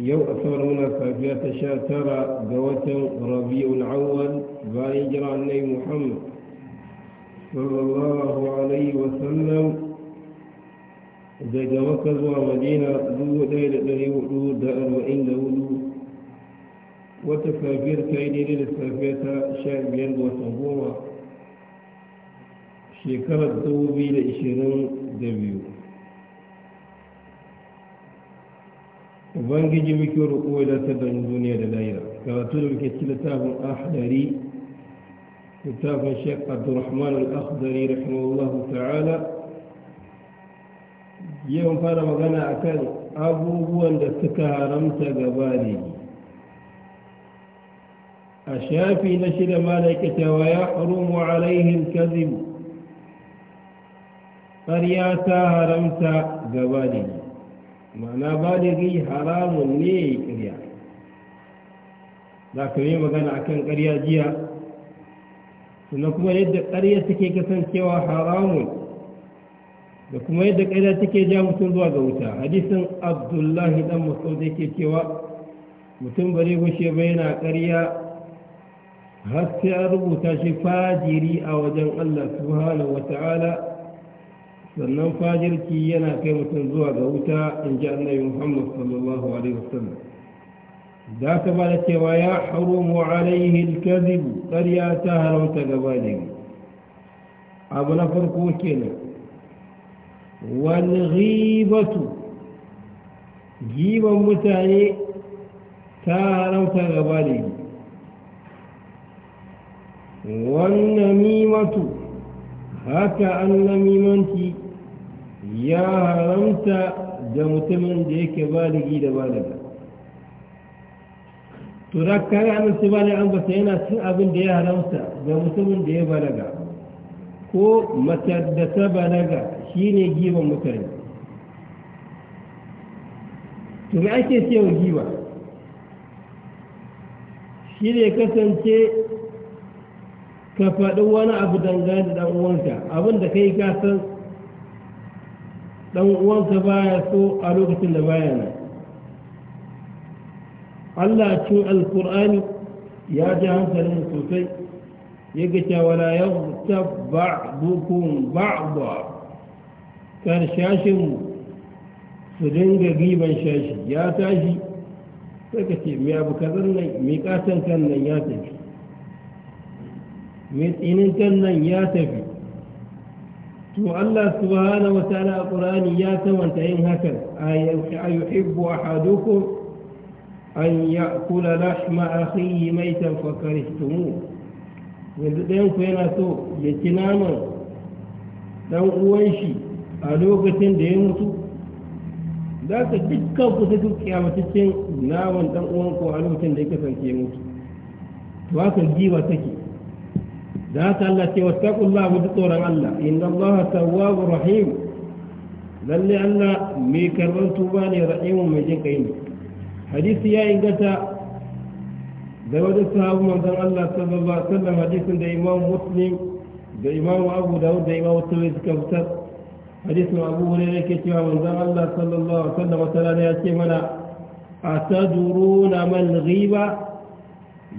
يو أثرنا فجاء تشاتر دوتا ربيع الأول فإجرى النبي محمد صلى الله عليه وسلم إذا جمكزوا مدينة دو ليلة دو دار وإن دو دو وتفافير كايدين لسافيتا شاك بيان دو تنبوما دو بيل إشيرون دبيو ubangiji muke roƙo da ta da duniya da lahira karatu da muke ci littafin ahdari littafin shek abdurrahman al-akhdari rahimahullahu ta'ala yau fara magana akan abubuwan da suka haramta gaba ne a shafi na shida malaikata wa ya harumu alaihim kazib ƙarya ta haramta gaba ne ma'ana gai haramun ne ya yi ƙarya za ka yi magana a kan ƙarya jiya sannan kuma yadda ƙarya take kasancewa haramun da kuma yadda ƙarya take ja mutum zuwa ga wuta hadisin abdullahi dan masau da ke cewa mutum bare gushe ba yana ƙarya har sai an rubuta shi fajiri a wajen allah subhanahu wa ta'ala sannan fajirki yana kai mutum zuwa ga wuta in ji annabi muhammad sallallahu alaihi wasallam za ka ba da cewa ya haramu alaihi alkazibu ƙarya ta haramta gaba da abu na farko kenan wal ghibatu giban mutane ta haramta gaba da wal namimatu haka an namimanci ya haramta da mutumin da yake baligi da balaga to da kare amince balaga an basa yana cin abin da ya haramta da mutumin da ya balaga ko matar da ta balaga ne giban mutane to me ake cewa giba shi ne kasance ka faɗi wani abu dangane da ɗan uwanka abin da kai ka san dan uwansa baya so a lokacin da baya ne. Allah cin alkur'ani ya ji hankalin sosai ya ga cewa la yaghtab ba'dukum ba'da kar shashin su dinga giban shashi ya tashi sai ka ce mai abu kazan nan mai katon kan nan ya tafi mai tsinin kan nan ya tafi to Allah subhanahu wataala a Qur'ani ya tawanta yin hakan ayuhibbu ahadukum an ya'kula lahma akhihi maytan fa karihtum yanzu ɗayan ku yana so ya ci naman dan uwan shi a lokacin da ya mutu za ka dukkan ku sai duk kyamataccen naman dan uwan ku a lokacin da ya kasance mutu to haka giwa take ذات التي واتقوا الله بطورا الله إن الله تواب رحيم لن أن ميكرون توباني رحيم مجين قيم حديث يا إنجتا دود الصحاب من الله صلى الله عليه وسلم حديث دا إمام مسلم دا إمام أبو داود دا إمام الترمذي كفتر حديث أبو هريرة كتبا من الله صلى الله عليه وسلم وسلم يأتي منا أتدرون من غيبه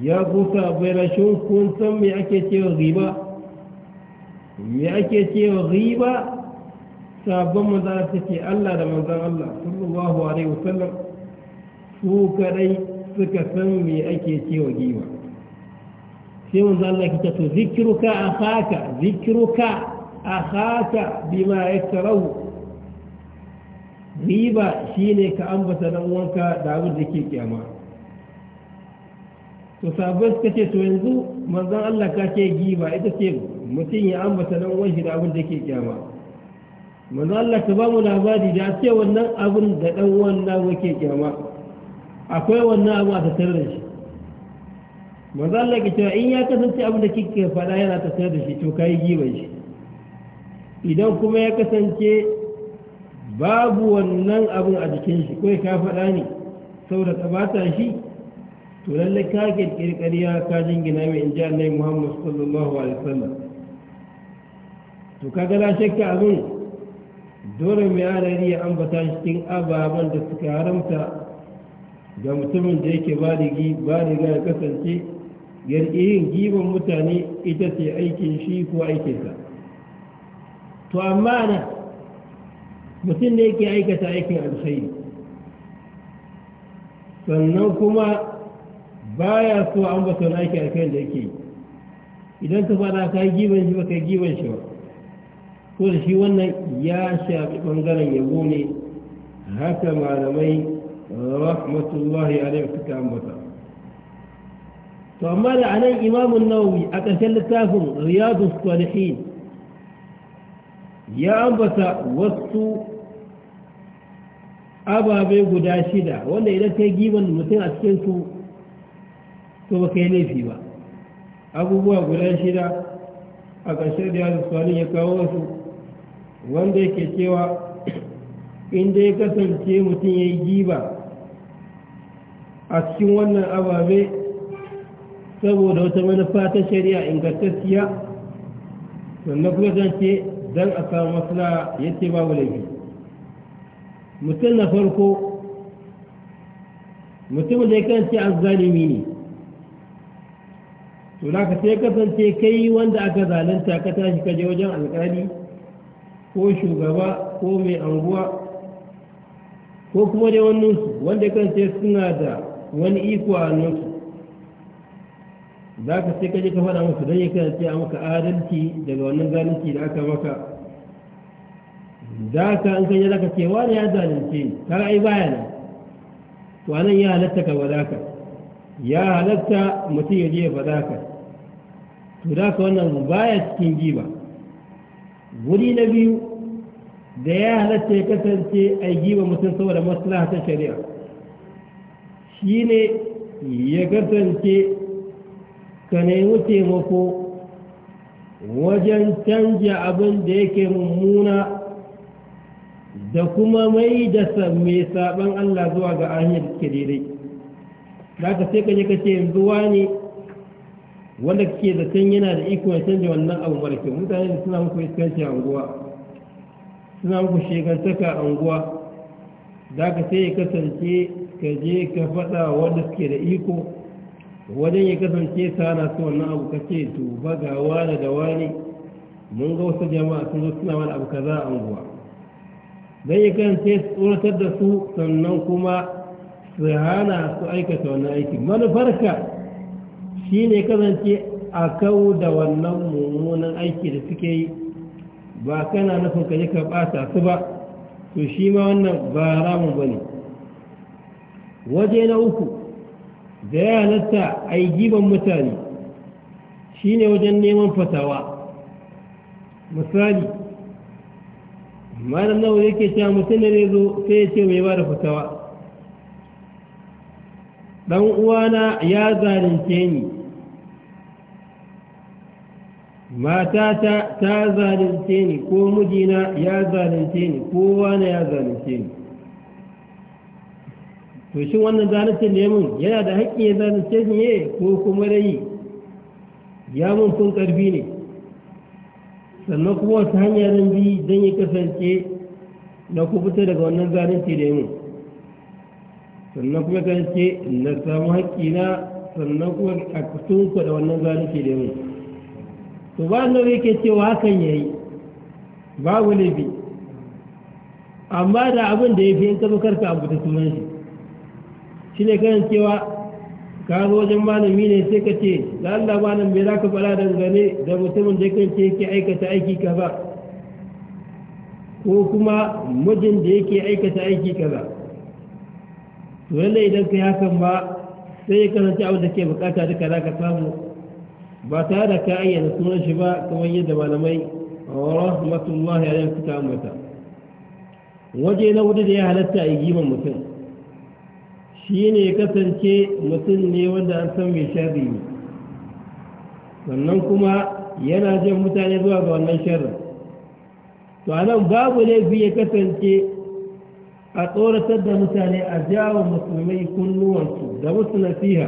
ya kusa bayana shin kun san me ake cewa riba mai ake cewa riba sabon manzana ce Allah da manzan Allah sallallahu alaihi wasannan su kadai suka san me ake cewa riba sai manzan Allah kita to a haka bi ma ya yakrahu riba shine ka ambata dan uwanka da abin da ke kiyama to sabai suka ce to yanzu manzon Allah ka ce giba ita ce mutum ya ambata nan wani da abin da ke kyama manzon Allah ka ba mu labari da ce wannan abin da dan wannan wake kyama akwai wannan abu a tattare da shi manzon Allah ke cewa in ya kasance abin da kike faɗa yana tattare da shi to kai giba shi idan kuma ya kasance babu wannan abin a jikin shi ko ka faɗa ne saboda tsabata shi to lalle ka kirkiri ƙarya ka jingina mai in ji annai muhammad sallallahu alaihi wasallam to kaga na shakka abin dole mai adari ya ambata shi cikin ababen da suka haramta ga mutumin da yake baligi baliga ya kasance yarkirin giban mutane ita ce aikin shi ko aikin sa to amma na mutum da yake aikata aikin alkhairi sannan kuma baya so an ba so naki alkhairin da yake idan ka fada ka yi giban shi ba ka yi giban shi ba ko da shi wannan ya shafi ɓangaren yabo ne haka malamai rahmatullahi alaihi suka ambata to amma da anan imamun nawawi a ƙarshen littafin riyadu salihin ya ambata wasu ababe guda shida wanda idan ka yi giban mutum a cikin su to ba kai laifi ba abubuwa guda shida a ƙarshen da yadda ya kawo wasu wanda yake cewa inda ya kasance mutum ya yi giba a cikin wannan ababe saboda wata manufa ta shari'a ingantacciya sannan kuma zan ce don a samu maslaha ya ce babu laifi mutum na farko mutum da ya an zalimi ne to da ka sai kasance kai wanda aka zalunta ka tashi ka je wajen alƙali ko shugaba ko mai anguwa ko kuma dai wani wanda kasance suna da wani iko a nusu za ka sai kaje ka faɗa musu don ya kasance a maka adalci daga wannan zalunci da aka maka za ka an kanya za ka ce wani ya zalunce ka ra'ayi baya nan to ya halatta ka wadaka ya halatta mutum ya je ya faɗa ka to da ka wannan baya cikin giba wuri na biyu da ya halatta ya kasance a giba mutum saboda maslaha ta shari'a shi ne ya kasance ka nemi taimako wajen canja abin da yake mummuna da kuma mai da mai saban Allah zuwa ga ahiyar daidai aka ka sai ka kace ka ce yanzu wanda kake zaton yana da iko ya canja wannan abu mara kyau mutane suna muku iskanci a unguwa suna muku shekantaka a unguwa da ka sai ya kasance ka je ka faɗa wanda suke da iko wajen ya kasance ta na su wannan abu ka ce to ba ga wani da wani mun ga wasu jama'a sun zo suna wani abu kaza a unguwa dan ya kasance tsoratar da su sannan kuma su hana su aikata wannan aiki manufarka shi ne kasance a kawo da wannan mummunan aiki da suke yi ba kana nufin ka je ka ɓata su ba to shi ma wannan ba ramun ba ne waje na uku da ya halatta a yi giban mutane shi ne wajen neman fatawa misali malam nawa yake cewa mutum ne zo sai ya ce mai ba da fatawa ɗan uwana ya zalunce ni matata ta zalunce ni ko mijina ya zalunce ni kowa na ya zalunce ni to shi wannan zalunce ne mun yana da haƙƙi ya zalunce ni ne ko kuma dai ya mun tun ƙarfi ne sannan kuma wata hanyar zan bi don ya kasance na kubuta daga wannan zalunce da mun sannan kuma ta ce na samu haƙƙina sannan kuma a kusurku da wannan zalunci da yau to ba nan yake cewa hakan ya yi babu laifi amma da abin da ya fi yin ka karka abu ta sunan shi shi ne kan cewa ka zo wajen malami ne sai ka ce da Allah malam bai za ka fara dangane da mutumin da kan ce yake aikata aiki kaza ko kuma mijin da yake aikata aiki kaza to lalle idan ka yi hakan ba sai ya kasance abin da ke bukata duka za ka samu ba tare da ka ayyana sunan shi ba kamar yadda malamai rahmatullahi alaihi suka ambata waje na hudu da ya halatta a giman mutum shi ne ya kasance mutum ne wanda an san mai sharri ne sannan kuma yana jan mutane zuwa ga wannan sharrin to anan babu laifi ya kasance a tsoratar da mutane a jawo musulmai kunnuwansu da wasu nasiha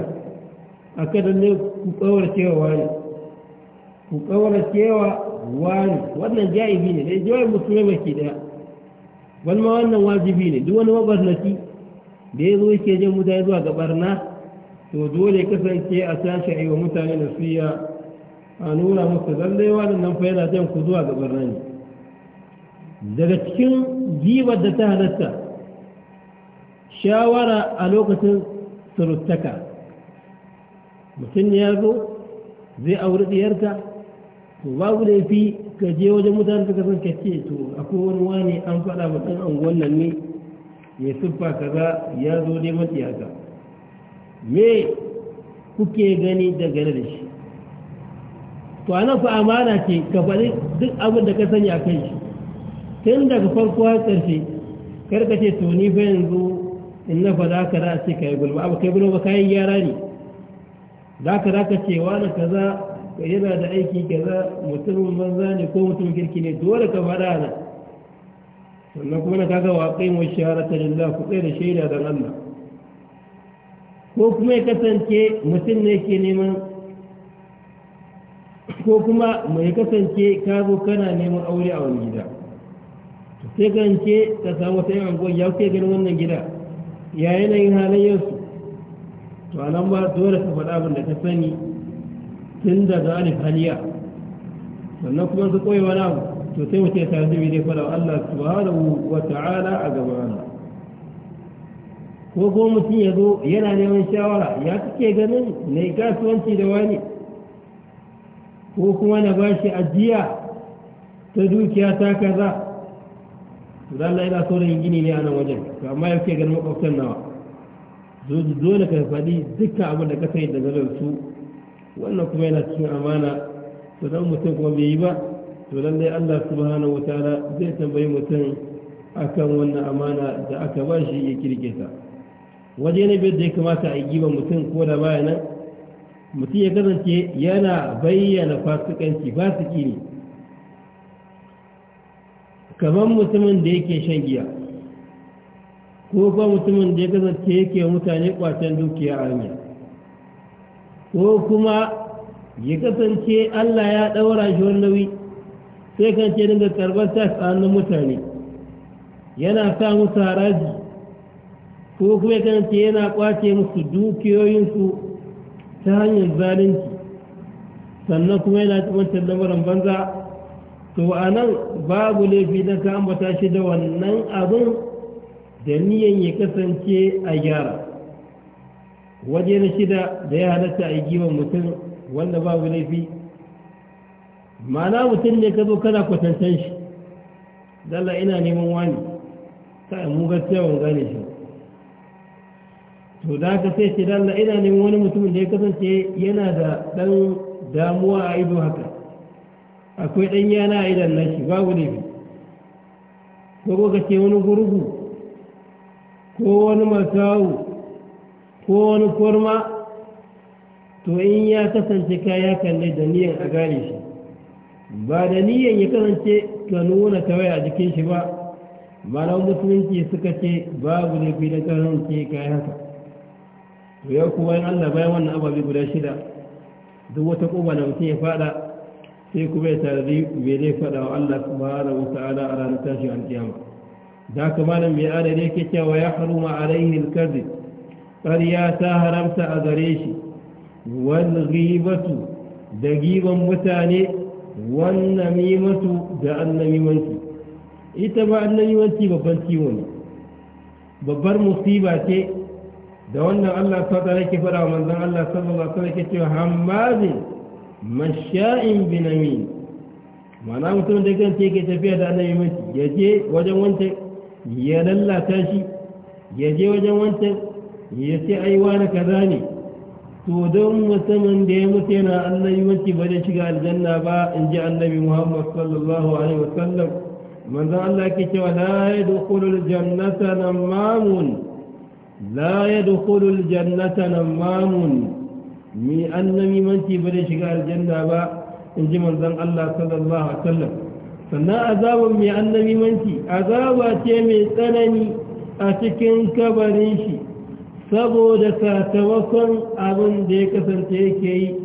a kada ne ku cewa wani ku cewa wani wannan ja'ibi ne dai jawai musulmai baki daya wani ma wannan wajibi ne duk wani mabarnaci da ya zo yake jan mutane zuwa ga barna to dole kasance a sashi a yi wa mutane nasiya a nuna musu lallai waɗannan fa yana jan ku zuwa ga barna ne daga cikin jibar da ta halatta shawara a lokacin surutaka mutum ya zo zai auri ɗiyarka to babu laifi ka je wajen mutane suka san ka ce to akwai wani wani an faɗa ba ɗan anguwan nan ne mai siffa kaza ya zo neman ɗiyarka me kuke gani da gane da shi to ana fa amana ce ka faɗi duk abin da ka sani a kai shi tun daga farko har ƙarshe karkace to ni fa yanzu in na faɗa ka za a ce ka yi gulma abu kai gulma ka yi gyara ne za ka za ka ce wani ka yana da aiki kaza mutumin banza ne ko mutumin kirki ne dole ka faɗa na sannan kuma na kaga waƙai mai shahara ta lillah ku tsaye da shaida don Allah ko kuma ya kasance mutum ne ke neman ko kuma mai kasance ka zo kana neman aure a wani gida sai kasance ka samu sai angon ya kai ganin wannan gida ya yanayin halayyarsu to a nan ba dole ka faɗa abin da ta sani tun daga alif haliya sannan kuma su koyi wani abu to sai mu ce ta tafi dai faɗa Allah subhanahu wa ta'ala a gaban ko ko mutum ya zo yana neman shawara ya kake ganin na kasuwanci da wani ko kuma na bashi ajiya ta dukiya ta kaza da Allah ina so da gini ne a nan wajen to amma yake ke ganin makwabtan nawa dole ka faɗi dukkan abin da ka sani da zarar su wannan kuma yana cikin amana to dan mutum kuma bai yi ba to lallai Allah subhanahu wataala zai tambayi mutum akan wannan amana da aka ba shi ya kirge ta waje ne bai da ya kamata a yi ba mutum ko da baya nan mutum ya kasance yana bayyana fasikanci fasiki ne kamar mutumin da yake shan giya ko kuma mutumin da ya kasance yake mutane kwacen dukiya a ko kuma ya kasance allah ya ɗaura shi wani nauyi sai kan ce dinga karɓar ta hannun mutane yana sa musu haraji ko kuma ya kasance yana kwace musu dukiyoyinsu ta hanyar zalunci sannan kuma yana cimantar lamarin banza to a nan babu laifi na ka ambata shi da wannan abin da niyan ya kasance a gyara waje na shida da ya halatta a giwon mutum wanda babu laifi mana mutum ne ka zo kana kwatantan shi dalla ina neman wani ta yi gaskiya ban gane shi to da ka sai shi dalla ina neman wani mutumin da ya kasance yana da ɗan damuwa a ido haka akwai ɗan yana a idan nashi babu ne ko ka ce wani gurgu ko wani masawu ko wani kurma to in ya kasance kaya kalle da niyan a gane shi ba da niyan ya kasance ka nuna kawai a jikin shi ba malam musulunci suka ce babu ne fi da kasance kayan haka to ya kuwa yin allah bayan wannan ababi guda shida duk wata ƙoba na mutum ya faɗa. sai kuma ya tarari me zai faɗa wa Allah subhanahu wa ta'ala a ranar tashin za da haka malam mai adadi yake cewa ya haruma alaihi alkazi ƙarya ta haramta a gare shi wani ribatu da giban mutane yi namimatu da annamimanci ita ba annamimanci babban ciwo ne babbar musiba ce da wannan Allah ta tsara ke faɗa wa manzan Allah sallallahu alaihi wasallam ke cewa hammazin masha'in binami mana mutum da kan ce ke tafiya da annabi mace ya je wajen wancan ya lallata shi ya je wajen wancan ya ce aiwa na kaza ne to don musamman da ya mutu yana annabi mace ba zai shiga aljanna ba in ji annabi muhammad sallallahu alaihi wasallam manzon Allah yake cewa la yadkhulul jannata namamun la yadkhulul jannata namamun ni annami manci ba da shiga aljanna ba in ji manzon Allah sallallahu alaihi wasallam sannan azabun mai annabi manci azaba ce mai tsanani a cikin kabarin shi saboda sakamakon abin da ya kasance yake yi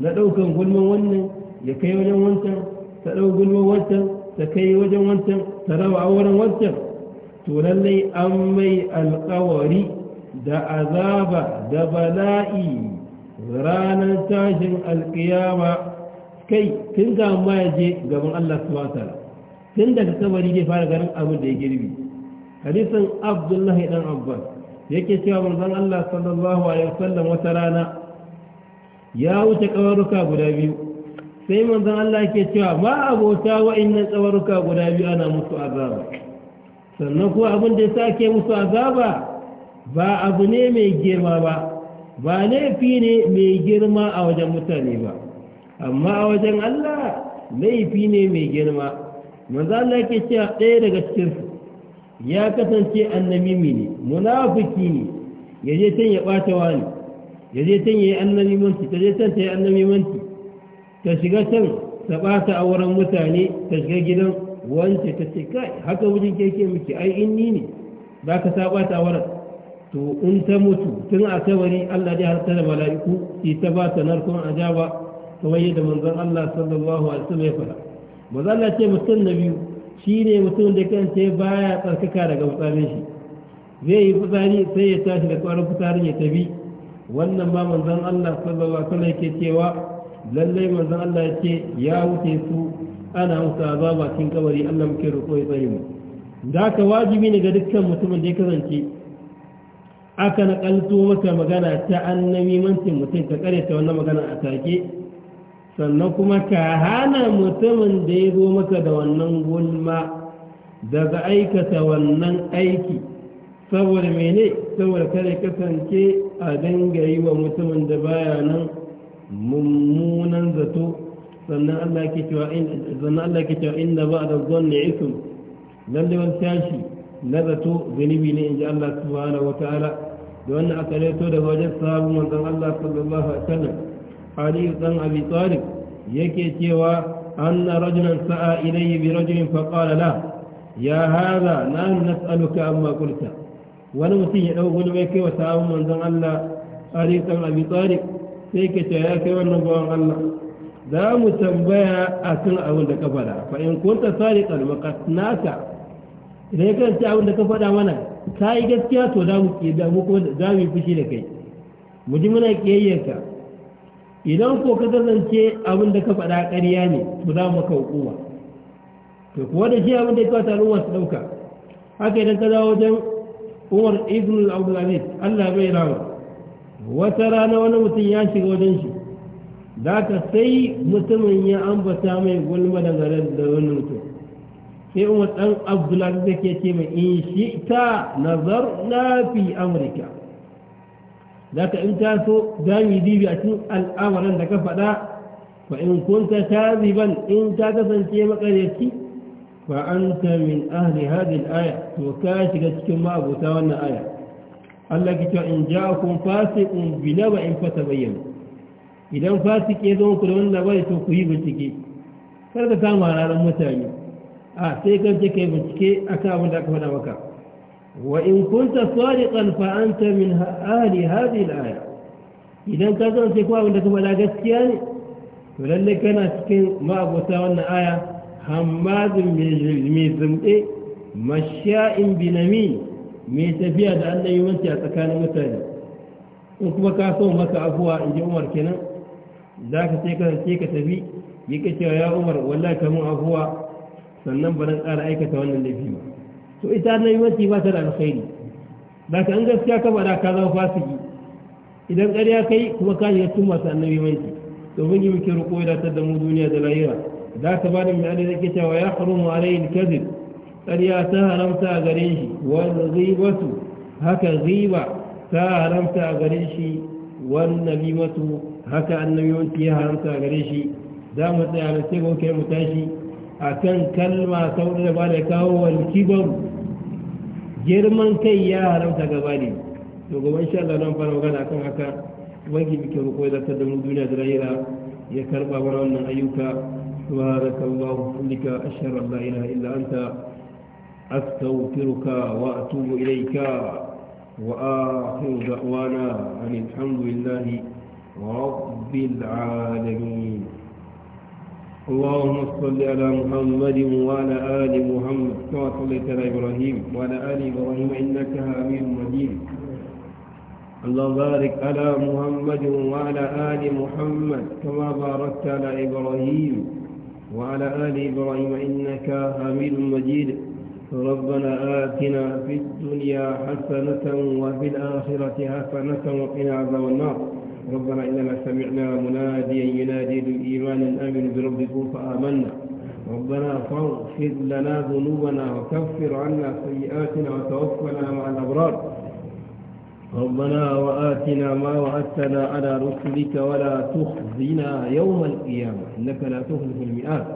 na ɗaukan gulman wannan ya kai wajen wancan ta ɗau gulman wancan ta kai wajen wancan ta raba auren wancan to lallai an mai alkawari da azaba da bala'i ranar tashin alkiyama kai tun ga ma ya je gaban Allah subhanahu wataala tun daga kabari zai fara ganin abin da ya girbi hadisin abdullahi dan abbas yake cewa manzon Allah sallallahu alaihi wasallam wata rana ya wuce kawaruka guda biyu sai manzon Allah yake cewa ma abota wa'annan kawaruka guda biyu ana musu azaba sannan kuwa abin da ya sa ake musu azaba ba abu ne mai girma ba ba laifi ne mai girma a wajen mutane ba amma a wajen Allah laifi ne mai girma manzo Allah yake cewa ɗaya daga cikin su ya kasance annamimi ne munafiki ne yaje tan ya bata wani yaje tan yayi annamimanci taje tan tayi annamimanci ta shiga tan ta bata auren mutane ta shiga gidan wance ta ce kai haka wajen keke miki ai inni ne zaka ta bata auren to in ta mutu tun a tabari Allah ya harta da mala'iku shi ta ba ta narkon ajaba kamar yadda manzon Allah sallallahu alaihi wasallam ya fara manzon Allah ce mutum na biyu shine mutum da kanta baya tsarkaka daga fitsarin shi zai yi fitsari sai ya tashi da kwarin fitsarin ya tafi wannan ba manzon Allah sallallahu alaihi wasallam yake cewa lalle manzon Allah ya ce ya wuce su ana musu azaba cikin kabari Allah muke roƙo ya tsare mu da ka wajibi ne ga dukkan mutumin da ya kasance aka naƙalto maka magana ta annabi mancin mutum ta ka ta wannan magana a take sannan kuma ka hana mutumin da ya zo maka da wannan gulma daga aikata wannan aiki saboda mene saboda kare kasance a dinga yi wa mutumin da baya nan mummunan zato sannan Allah ke cewa inda ba da zonni ikum lalle wani tashi na zato zunubi ne in ji Allah subhanahu wa ta'ala لأن أكليته له وجد صاحب من دن الله صلى الله عليه وسلم حديث دن أبي طالب يكيتي أن رجلا سعى إليه برجل فقال له يا هذا لا نسألك أما قلت ونوتي لو قلوا بك من دن الله حديث دن أبي طالب سيكيتي ياك ونبوا الله دام تنبيه أكل أولد كفلا فإن كنت صادقا وقتناك da ya ce abin da ka faɗa mana ka yi gaskiya to za mu ƙiyayya mu kuma za mu yi fushi da kai mu ji muna ƙiyayyarka idan ko ka kasance abin da ka faɗa ƙarya ne to za mu kauƙuwa to kuwa da shi abin da ya kawata al'umma su ɗauka haka idan ka dawo wajen umar ibn abdulaziz allah bai rawa wata rana wani mutum ya shiga wajen shi da ka sai mutumin ya ambata mai gulma da garin da wani mutum sai umar dan abdullah da ke ce mai in shi ta nazar na fi amurka za ka in ta so za mu dibi a cikin al'amuran da ka faɗa fa in kunta ta ziban in ta kasance makaryaci fa an ta min ahli hadin aya to ka shiga cikin ma'abuta wannan aya Allah ki cewa in ja ja'akum fasiqun bi naba'in fatabayyanu idan fasik ya zo ku da wannan labari to ku yi bincike kar ka kama ranar mutane a sai ka ce kai bincike a akan abin da aka faɗa maka wa in kunta sadiqan fa anta min ahli hadhihi al-aya idan ka zo sai ko abin da ka faɗa gaskiya ne to lalle kana cikin ma'abota wannan aya hammadun mai zumɗe masha'in binami mai tafiya da Allah yi wanci a tsakanin mutane in kuma ka so maka abuwa in ji umar kenan za ka sai ka tafi yi ka cewa ya umar wallahi kamun abuwa sannan ba zan ƙara aikata wannan laifi ba to ita annayuwanci ba ta da alkhairi ba ka an gaskiya ka da ka zama fasiki idan ƙarya kai kuma ka shiga cikin masu to domin yi muke roƙo ya ta da mu duniya da lahira za ka ba da mai alai zake cewa ya haramu alayhi kazib ƙarya ta haramta a gare shi wanda ghibatu haka ghiba ta haramta a gare shi wannan limatu haka annabiwanci ya haramta a gare shi za mu tsaya da sai ga mu tashi akan kalma saboda da ba da kawo walkibar girman kai ya haramta gaba ne to gaban insha Allah don fara magana akan haka wangi bikin ruko ya zartar da mu duniya da lahira ya karba mana wannan ayyuka subhanaka allahumma hamdika ashhadu an la ilaha illa anta astaghfiruka wa atubu ilayka وآخر دعوانا أن الحمد لله رب العالمين اللهم صل على محمد وعلى آل محمد كما صليت على إبراهيم وعلى آل إبراهيم إنك حميد مجيد اللهم بارك على محمد وعلى آل محمد كما باركت على إبراهيم وعلى آل إبراهيم إنك حميد مجيد ربنا آتنا في الدنيا حسنة وفي الآخرة حسنة وقنا عذاب النار ربنا إننا سمعنا مناديا ينادي للإيمان أن آمنوا بربكم فآمنا ربنا فاغفر لنا ذنوبنا وكفر عنا سيئاتنا وتوفنا مع الأبرار ربنا وآتنا ما وعدتنا على رسلك ولا تخزنا يوم القيامة إنك لا تخلف المئات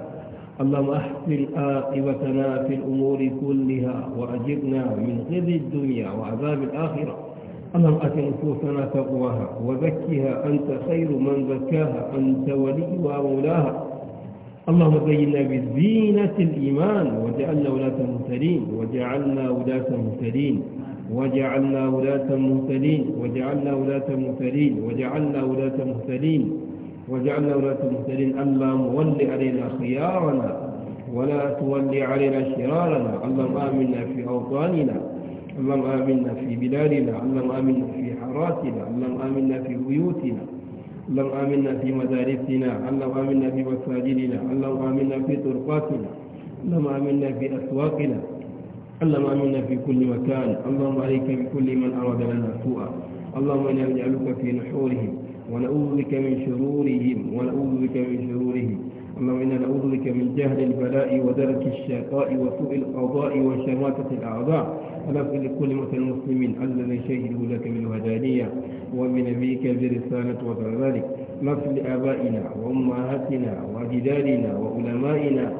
اللهم أحسن عاقبتنا في الأمور كلها وأجرنا من خزي الدنيا وعذاب الآخرة اللهم ات نفوسنا تقواها وزكها انت خير من زكاها انت وليها ومولاها اللهم زينا بزينة الإيمان وجعلنا ولاة مهتدين وجعلنا ولاة مهتدين وجعلنا ولاة مهتدين وجعلنا ولاة مهتدين وجعلنا ولاة مهتدين وجعلنا ولاة مهتدين اللهم ول علينا خيارنا ولا تولي علينا شرارنا اللهم آمنا في أوطاننا اللهم آمنا في بلادنا اللهم آمنا في حاراتنا اللهم آمنا في بيوتنا اللهم آمنا في مدارسنا اللهم آمنا في مساجدنا اللهم آمنا في طرقاتنا اللهم آمنا في أسواقنا اللهم آمنا في كل مكان اللهم عليك بكل من أراد لنا سوءا اللهم إنا نجعلك في نحورهم ونعوذ بك من شرورهم ونعوذ بك من شرورهم من جهل البلاء ودرك الشقاء وسوء القضاء وشماتة الأعضاء لكل كلمة المسلمين الذي شهدوا لك ومن نبيك برسالة وذلك نصل آبائنا وأمهاتنا وجدالنا وعلمائنا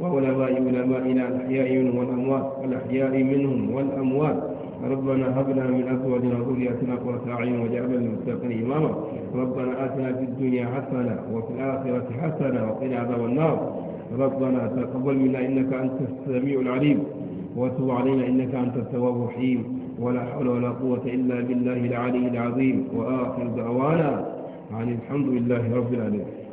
وعلماء علمائنا الأحياء والأموات الأحياء منهم والأموات ربنا هب لنا من ازواجنا وذرياتنا قرة اعين وجعلنا للمتقين اماما ربنا اتنا في الدنيا حسنه وفي الاخره حسنه وقنا عذاب النار ربنا تقبل منا إنك أنت السميع العليم وتب علينا إنك أنت التواب الرحيم ولا حول ولا قوة إلا بالله العلي العظيم وآخر دعوانا عن الحمد لله رب العالمين